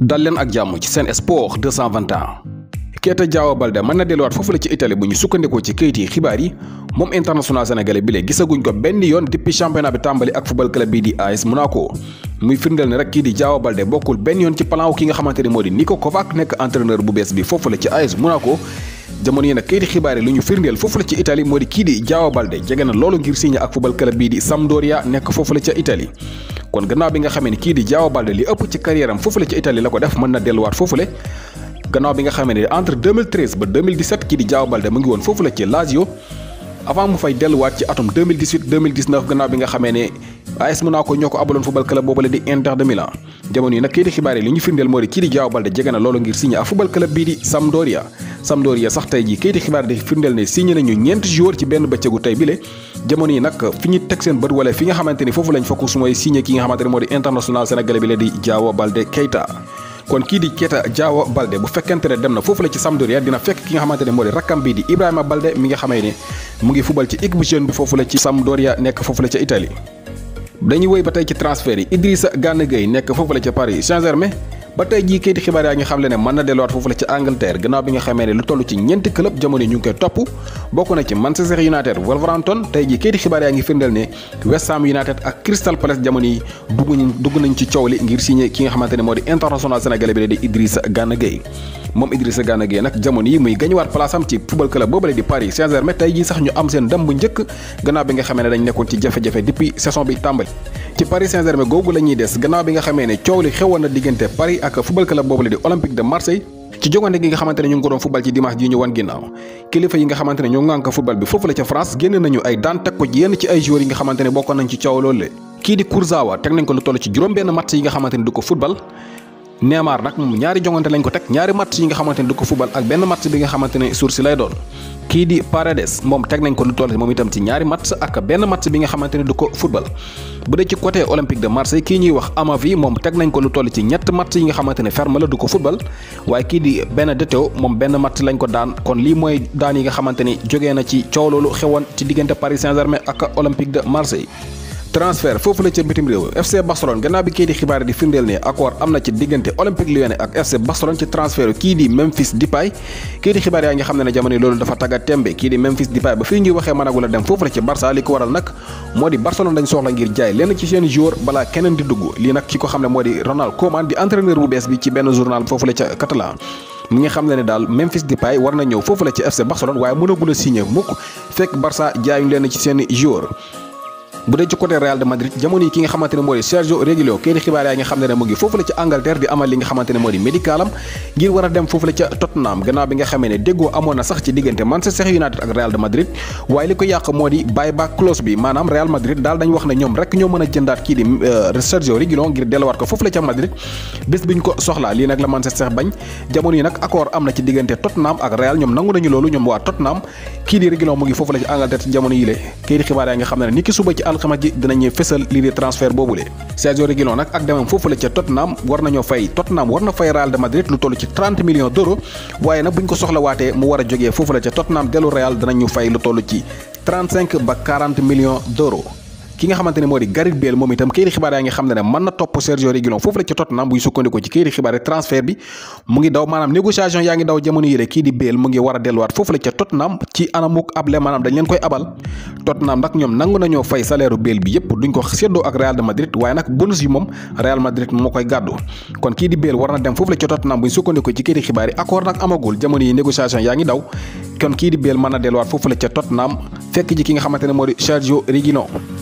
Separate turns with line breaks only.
dal leen ak jàmm ci seen sport 221 Keita Diao Baldé mën na delluwaat foofu la ci Italie bu ñu sukkandikoo ci kayit yi xibaar yi moom international sénégalais bi lee gisaguñ ko benn yoon depuis championnat bi tàmbali ak football club bii di AS Monaco muy firndeel ne rek kii di Diao Baldé bokkul benn yoon ci plan ki nga xamante ni moo di Niko Kovac nekk entraîneur bu bees bi foofu la ci AS Monaco jamono yi nag xibaar yi lu ñu firndeel foofu la ci Italie moo di kii di Diao Baldé jege na loolu ngir signé ak football club bii di Sampdoria nekk foofu la ca Italie kon gannaaw bi nga xamé ni ki di Diao li ëpp ci carrière am la ci Italie la def mëna mën na fofu foofule gannaaw bi nga xamé ni entre 2013 ba 2017 ki di Diao Baldé mu ngi fofu la ci Lazio avant mu fay delluwaat ci atom 2018 2019 gannaaw bi nga xamé ni AS Monaco ñoko abalon football club di Inter de Milan jamono ni nak ki di xibaar li ñu firndeel mo di ki di Diao Baldé jégena ngir signé football club bi di Sampdoria Sampdoria sax tey jii kayiti xibaar di firndeel ne signé nañu ñeenti joueur ci benn bëccëgu tey bile jamono yi nag fi ñu teg seen bët wala fi nga xamante ni foofu lañ fokk su mooy signé ki nga xamante ni moo di international sénégalais bi la di Diao Baldé Keita kon kii di Keita Diao Baldé bu fekkente ne dem na foofu la ci Sampdoria dina fekk ki nga xamante ne moo di rakkam bii di Ibrahima Baldé mi nga xamee ne mu ngi fubal ci équipe jeune bi foofu la ci Sampdoria nekk foofu la ca Italie dañuy ba tey ci transfert yi Idrissa Gana Gueye nekk foofu la ca Paris saint ba tey jii kayiti xibaar yaa ngi xam le ne mën na delluwaat foofu la ci Angleterre gannaaw bi nga xamee ne lu toll ci ñeenti club jamono ñu ngi koy topp bokk na ci Manchester United Wolverhampton tey jii kayiti xibaar yaa ngi firndeel ne West Ham United ak Crystal Palace jamono yi dugg nañ ci coow li ngir signé ki nga xamante ne moo di international sénégalais bi di Idrissa Gana Gueye moom Idrissa Gana Gueye nag jamono yi muy gañuwaat place am ci football club boobale di Paris Saint-Germain tey jii sax ñu am seen ndam bu gannaaw bi nga xamee ne dañ nekkoon ci jafe-jafe depuis saison bi tàmbali ci Paris Saint-Germain googu la des gannaaw bi nga xamee ne coow li xewoon na diggante Paris ak football club boobale di Olympique de Marseille ci jogante gi nga xamante ne ñu ngi ko doon football ci dimanche ji ñu wan ginnaaw kilifa yi nga xamante ne ne bokkoon nañ ci coow loolu kii di Kurzawa teg Neymar nag moom ñaari jongante lañ ko teg ñaari matt yi nga xamante ni du ko fubal ak benn match bi nga xamante ne suur si lay doon kii di Paredes moom teg nañ ko lu toll moom itam ci ñaari match ak benn match bi nga xamante ne du ko football bu dee ci côté Olympique de Marseille kii ñuy wax Amavi moom teg nañ ko lu toll ci ñett matt yi nga xamante ne ferme la du ko football waaye kii di Benedetto moom benn match lañ ko daan kon lii mooy daan yi nga xamante ni jógee na ci coow loolu xewoon ci diggante Paris Saint-Germain ak Olympique transfert foofu la ca bitim réew FC Barcelone gannaaw bi kii di xibaar di firndeel ne accord am na ci diggante Olympique Lyonnais ak FC Barcelone ci transfert kii di Memphis Depay kii di xibaar yaa ngi xam ne ne jamono loolu dafa tagga tembe kii di Memphis Depay ba fii ñuy waxee mënagul a dem foofu la ci Barça li ko waral nag moo di Barcelone dañ soxla ngir jaay lenn ci seen joueur balaa keneen di dugg lii nag ki ko xam ne moo di Ronald Koeman bu dee ci côté Real de Madrid jamono yi ki nga xamante ne moo di Sergio Reguilón kii di xibaar yaa nga xam ne ne mu ngi foofu la ca Angleterre di amal li nga xamante moo di médicalam ngir war a dem foofu la ca Tottenham gannaaw bi nga xamee ne déggoo amoon na sax ci diggante Manchester United ak Real de Madrid waaye li ko yàq moo di buyback clause bi maanaam Real Madrid daal dañ wax ne ñoom rek ñoo mën a jëndaat kii di euh, Sergio Reguilón ngir delluwaat ko lii nag la yi nag accord am na ci diggante Tottenham ak Real ñoom nangu nañu loolu kii di Reguilon mu ngi foofu la ci Angleterre ci jamono yile kii di xibaar yaa nga xam ne ni ki suba ci alxames ji dinañuy fesal lii di transfert boobule Sergio Reguilon nag ak demam foofu la ca Tottenham war nañoo fay Tottenham war na fay Real de Madrid lu toll ci 30 millions waaye nag bu ñu ko soxlawaatee mu war a jógee foofu la ca Tottenham dellu Real dinañu fay lu toll ci 35 ba million millions d'euros ki nga xamante ne moo di Gareth Bale moom itam këyiti xibaar yaa ngi xam ne ne mën na topp Sergio Reguilon foofu la a delluwaat foofu la ca Tottenham ci anamuk able ko séddoo kon kii di Bale war na dem foofu la ca Tottenham buñ sukkandikoo ci këyiti xibaar yi accord nag amagul jamono yi négociation na delluwaat fekk ji ki nga xamante ne moo di Sergio Reguilon